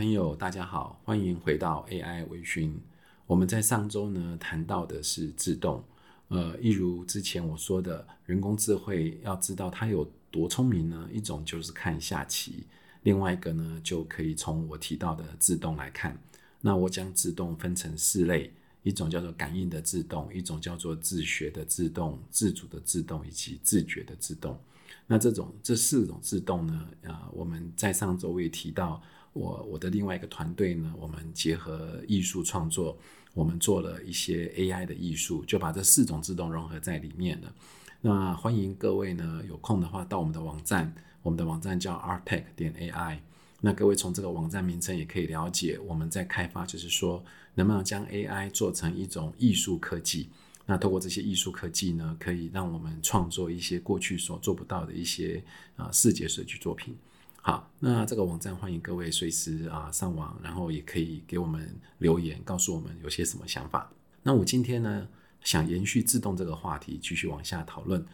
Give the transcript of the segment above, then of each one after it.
朋友，大家好，歡迎回到 AI 微醺。我們在上周呢，談到的是自動，呃，一如之前我說的，人工智慧要知道它有多聰明呢？一種就是看下棋，另外一個呢就可以從我提到的自動來看。那我將自動分成四類，一種叫做感應的自動，一種叫做自學的自動，自主的自動，以及自覺的自動。那這種這四種自動呢，啊、呃，我們在上周也提到。我我的另外一個團隊呢，我們結合藝術創作，我們做了一些 AI 的藝術，就把這四種自動融合在裡面了。那歡迎各位呢有空的話到我們的網站，我們的網站叫 artech 點 AI。那各位從這個網站名稱也可以了解我們在開發，就是說能不能將 AI 做成一種藝術科技。那透過這些藝術科技呢，可以讓我們創作一些過去所做不到的一些啊視覺設計作品。好，那這個網站歡迎各位隨時啊上網，然後也可以給我們留言，告訴我們有些什麼想法。那我今天呢，想延續自動這個話題繼續往下討論，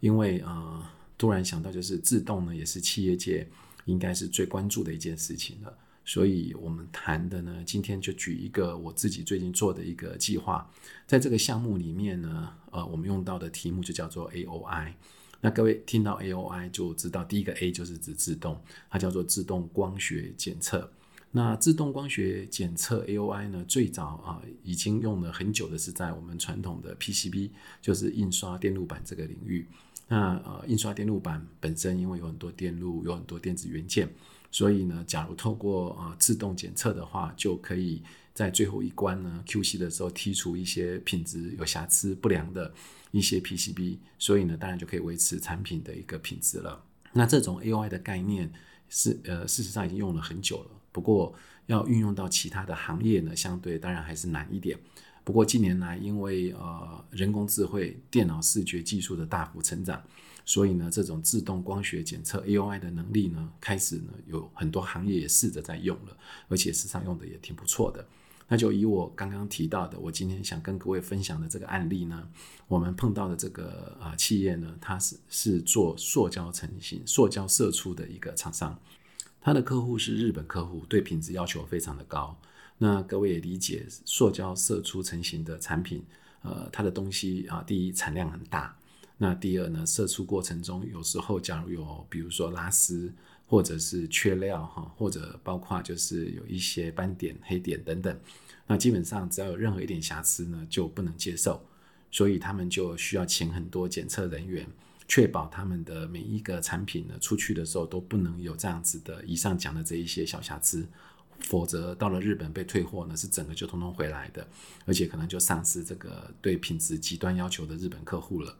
因為啊、呃，突然想到就是自動呢也是企業界應該是最關注的一件事情了，所以我們談的呢，今天就舉一個我自己最近做的一個計劃，在這個項目裡面呢，呃，我們用到的題目就叫做 A O I。那各位聽到 A O I 就知道，第一個 A 就是指自動，它叫做自動光學檢測。那自動光學檢測 A O I 呢，最早啊已經用了很久的，是在我們傳統的 P C B，就是印刷電路板這個領域。那呃、啊，印刷電路板本身因為有很多電路，有很多電子元件。所以呢，假如透過呃自動檢測的話，就可以在最後一關呢 QC 的時候剔除一些品質有瑕疵、不良的一些 PCB，所以呢，當然就可以維持產品的一個品質了。那這種 AOI 的概念是呃事實上已經用了很久了，不過要運用到其他的行業呢，相對當然還是難一點。不過近年來，因為呃人工智慧、電腦視覺技術的大幅成長，所以呢，這種自動光學檢測 AOI 的能力呢，開始呢有很多行業也試着在用了，而且事實上用的也挺不錯的。那就以我剛剛提到的，我今天想跟各位分享的這個案例呢，我們碰到的這個啊、呃、企業呢，它是是做塑膠成型、塑膠射出的一個廠商，它的客戶是日本客戶，對品質要求非常的高。那各位也理解，塑膠射出成型的產品，呃，它的東西啊，第一產量很大，那第二呢，射出過程中有時候假如有，比如說拉絲或者是缺料哈，或者包括就是有一些斑點、黑點等等，那基本上只要有任何一點瑕疵呢，就不能接受，所以他們就需要請很多檢測人員，確保他們的每一個產品呢出去的時候都不能有這樣子的以上講的這一些小瑕疵。否則到了日本被退貨呢，是整個就通通回來的，而且可能就喪失這個對品質極端要求的日本客戶了。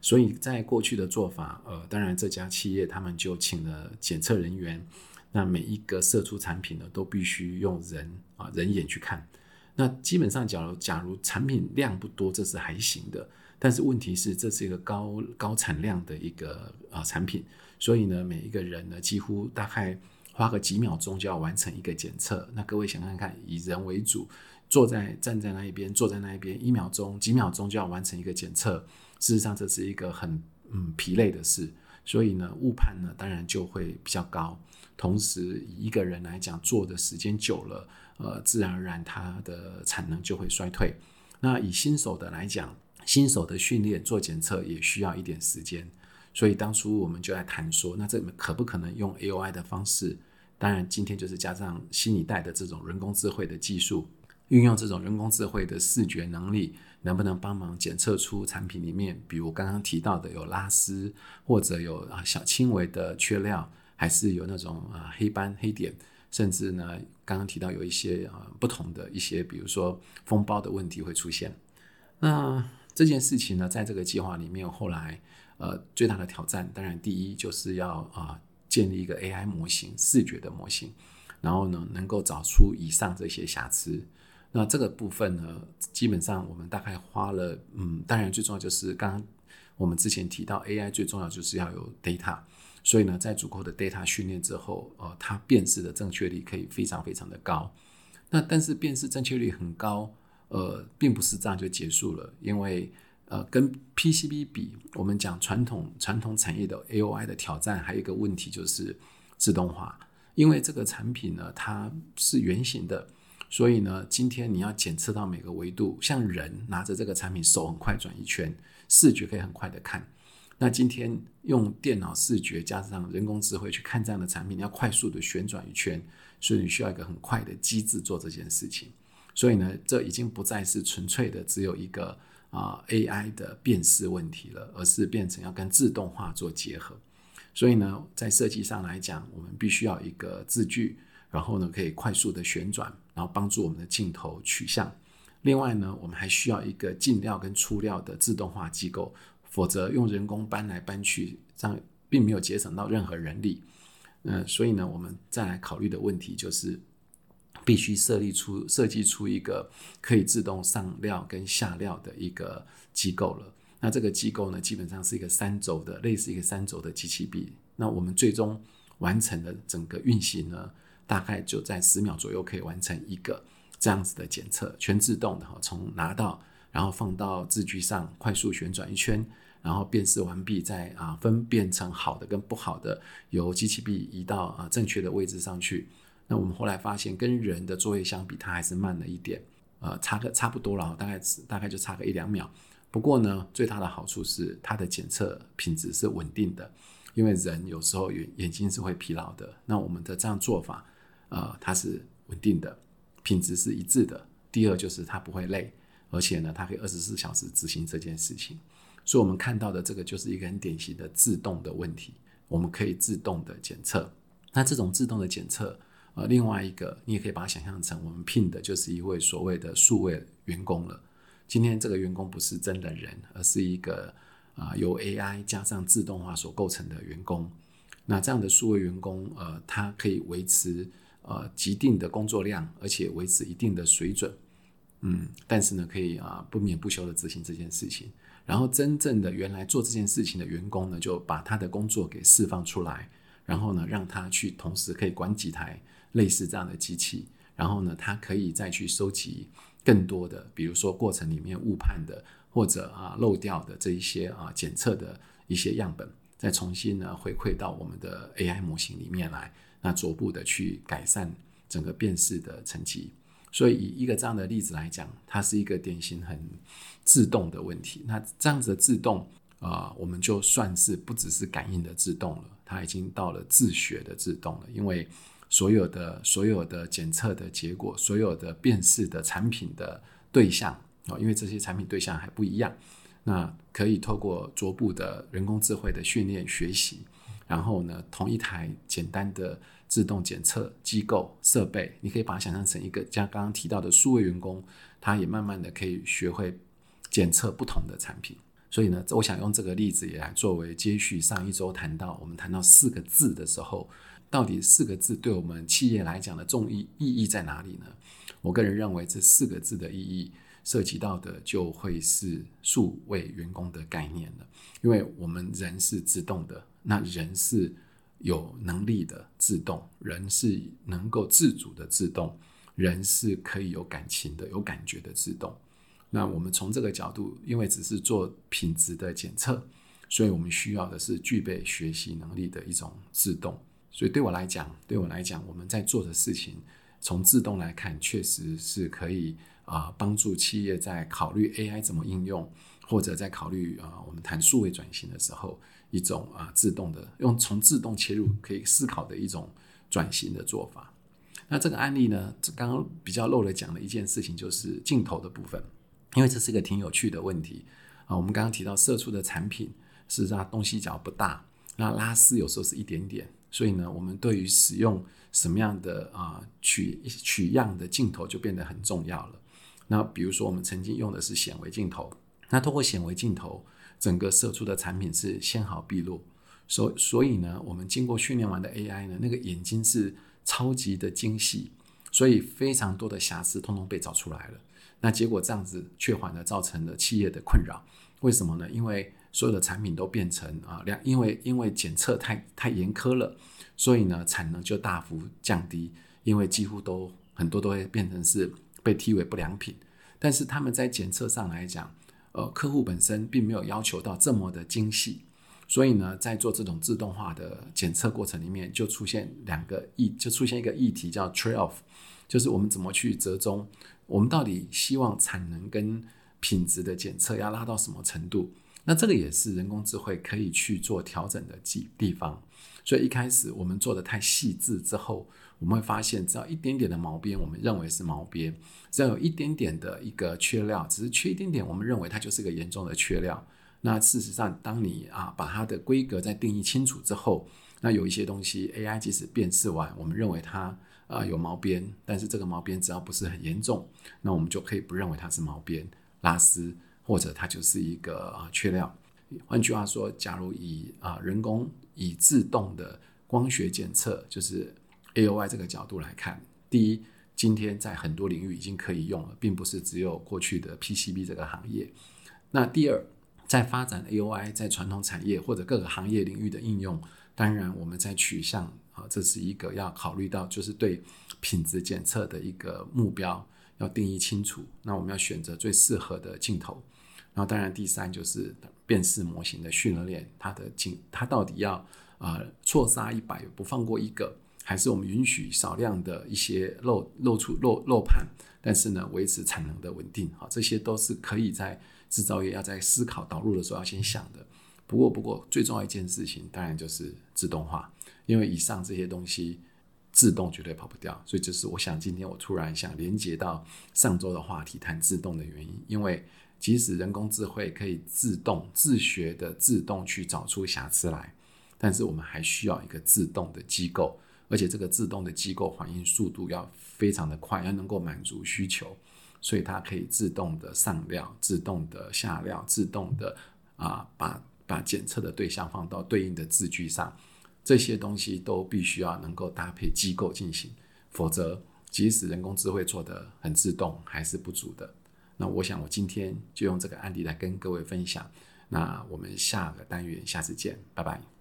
所以在過去的做法，呃，當然這家企業他們就請了檢測人員，那每一個射出產品呢，都必須用人啊、呃、人眼去看。那基本上，假如假如產品量不多，這是還行的。但是問題是，這是一個高高產量的一個啊、呃、產品，所以呢，每一個人呢，幾乎大概。花個幾秒鐘就要完成一個檢測，那各位想看看，以人為主，坐在、站在那一邊，坐在那一邊，一秒鐘、幾秒鐘就要完成一個檢測。事實上，這是一個很嗯疲累的事，所以呢，誤判呢，當然就會比較高。同時，以一個人來講，做的時間久了，呃，自然而然他的產能就會衰退。那以新手的來講，新手的訓練做檢測也需要一點時間，所以當初我們就在談說，那這可不可能用 A O I 的方式？當然，今天就是加上新一代的這種人工智慧的技術，運用這種人工智慧的視覺能力，能不能幫忙檢測出產品裡面，比如剛剛提到的有拉絲，或者有啊小輕微的缺料，還是有那種啊黑斑、黑點，甚至呢剛剛提到有一些啊不同的一些，比如說封包的問題會出現。那這件事情呢，在這個計劃裡面，後來呃最大的挑戰，當然第一就是要啊、呃。建立一個 AI 模型，視覺的模型，然後呢，能夠找出以上這些瑕疵。那這個部分呢，基本上我們大概花了，嗯，當然最重要就是剛剛我們之前提到 AI 最重要就是要有 data，所以呢，在足夠的 data 訓練之後，呃，它辨識的正確率可以非常非常的高。那但是辨識正確率很高，呃，並不是這樣就結束了，因為。呃，跟 PCB 比，我們講傳統傳統產業的 AOI 的挑戰，還有一個問題就是自動化。因為這個產品呢，它是圓形的，所以呢，今天你要檢測到每個維度，像人拿着這個產品，手很快轉一圈，視覺可以很快的看。那今天用電腦視覺加上人工智慧去看這樣的產品，你要快速的旋轉一圈，所以你需要一個很快的機制做這件事情。所以呢，這已經不再是純粹的只有一個。啊，AI 的辨識問題了，而是變成要跟自動化做結合。所以呢，在設計上來講，我們必須要一個治具，然後呢，可以快速的旋轉，然後幫助我們的鏡頭取像。另外呢，我們還需要一個進料跟出料的自動化機構，否則用人工搬來搬去，這樣並沒有節省到任何人力。嗯、呃，所以呢，我們再來考慮的問題就是。必須設立出設計出一個可以自動上料跟下料的一個機構了。那這個機構呢，基本上是一個三軸的，類似一個三軸的機器臂。那我們最終完成的整個運行呢，大概就在十秒左右可以完成一個這樣子的檢測，全自動的從拿到然後放到治具上，快速旋轉一圈，然後辨識完畢，再啊分辨成好的跟不好的，由機器臂移到啊正確的位置上去。那我們後來發現，跟人的作業相比，它還是慢了一點，呃，差個差不多了，大概大概就差個一兩秒。不過呢，最大的好處是它的檢測品質是穩定的，因為人有時候眼眼睛是會疲勞的。那我們的這樣做法，呃，它是穩定的，品質是一致的。第二就是它不會累，而且呢，它可以二十四小時執行這件事情。所以，我們看到的這個就是一個很典型的自動的問題，我們可以自動的檢測。那這種自動的檢測。呃，另外一個，你也可以把它想象成，我們聘的就是一位所謂的數位員工了。今天這個員工不是真的人，而是一個啊，由、呃、AI 加上自動化所構成的員工。那這樣的數位員工，呃，他可以維持呃既定的工作量，而且維持一定的水準，嗯，但是呢，可以啊、呃、不眠不休地執行這件事情。然後真正的原來做這件事情的員工呢，就把他的工作給釋放出來，然後呢，讓他去同時可以管幾台。類似這樣的機器，然後呢，它可以再去收集更多的，比如說過程裡面誤判的或者啊漏掉的這一些啊檢測的一些樣本，再重新呢回饋到我們的 AI 模型裡面來，那逐步的去改善整個辨識的成績。所以以一個這樣的例子來講，它是一個典型很自動的問題。那這樣子的自動啊、呃，我們就算是不只是感應的自動了，它已經到了自學的自動了，因為。所有的所有的檢測的結果，所有的辨識的產品的對象、哦、因為這些產品對象還不一樣，那可以透過逐步的人工智慧的訓練學習，然後呢，同一台簡單的自動檢測機構設備，你可以把它想象成一個像剛剛提到的數位員工，他也慢慢的可以學會檢測不同的產品。所以呢，我想用這個例子也來作為接續上一周談到我們談到四個自的時候。到底四個自對我們企業來講的重要意義在哪裡呢？我個人認為這四個自的意義涉及到的，就會是數位員工的概念了，因為我們人是自動的，那人是有能力的自動，人是能夠自主的自動，人是可以有感情的、有感覺的自動。那我們從這個角度，因為只是做品質的檢測，所以我們需要的是具備學習能力的一種自動。所以對我來講，對我來講，我們在做的事情，從自動來看，確實是可以啊、呃、幫助企業在考慮 AI 怎麼應用，或者在考慮啊、呃、我們談數位轉型的時候，一種啊、呃、自動的用從自動切入可以思考的一種轉型的做法。那這個案例呢，剛剛比較漏了講的一件事情就是鏡頭的部分，因為這是一個挺有趣的問題啊、呃。我們剛剛提到射出的產品是讓東西角不大，那拉絲有時候是一點點。所以呢，我們對於使用什麼樣的啊取取樣的鏡頭就變得很重要了。那比如說，我們曾經用的是顯微鏡頭，那通過顯微鏡頭，整個射出的產品是纖毫畢露。所以所以呢，我們經過訓練完的 AI 呢，那個眼睛是超級的精細，所以非常多的瑕疵通通被找出來了。那結果這樣子卻反而造成了企業的困擾，為什麼呢？因為所有的產品都變成啊，兩因為因為檢測太太嚴苛了，所以呢產能就大幅降低，因為幾乎都很多都會變成是被踢為不良品。但是他們在檢測上來講，呃，客戶本身並沒有要求到這麼的精細，所以呢，在做這種自動化的檢測過程裡面，就出現兩個議，就出現一個議題叫 trade off，就是我們怎麼去折中，我們到底希望產能跟品質的檢測要拉到什麼程度？那這個也是人工智慧可以去做調整的幾地方，所以一開始我們做得太細緻之後，我們會發現只要一點點的毛邊，我們認為是毛邊；只要有一點點的一個缺料，只是缺一點點，我們認為它就是個嚴重的缺料。那事實上，當你啊把它的規格再定義清楚之後，那有一些東西 AI 即使辨識完，我們認為它啊、呃、有毛邊，但是這個毛邊只要不是很嚴重，那我們就可以不認為它是毛邊拉絲。或者它就是一個啊缺料。換句話說，假如以啊人工以自動的光學檢測，就是 AOI 這個角度來看，第一，今天在很多領域已經可以用了，並不是只有過去的 PCB 這個行業。那第二，在發展 AOI 在傳統產業或者各個行業領域的應用，當然我們在取向啊，這是一個要考慮到，就是對品質檢測的一個目標要定義清楚。那我們要選擇最適合的鏡頭。然後，當然，第三就是辨識模型的訓練，它的精，它到底要啊錯殺一百不放過一個，還是我們允許少量的一些漏漏出漏漏判，但是呢，維持產能的穩定，好，這些都是可以在製造業要在思考導入的時候要先想的。不過，不過，最重要一件事情當然就是自動化，因為以上這些東西自動絕對跑不掉，所以就是我想今天我突然想連接到上周的話題談自動的原因，因為。即使人工智慧可以自動自學的自動去找出瑕疵來，但是我們還需要一個自動的機構，而且這個自動的機構反應速度要非常的快，要能夠滿足需求，所以它可以自動的上料、自動的下料、自動的啊把把檢測的對象放到對應的治具上，這些東西都必須要能夠搭配機構進行，否則即使人工智慧做得很自動，還是不足的。那我想，我今天就用這個案例來跟各位分享。那我們下個單元，下次見，拜拜。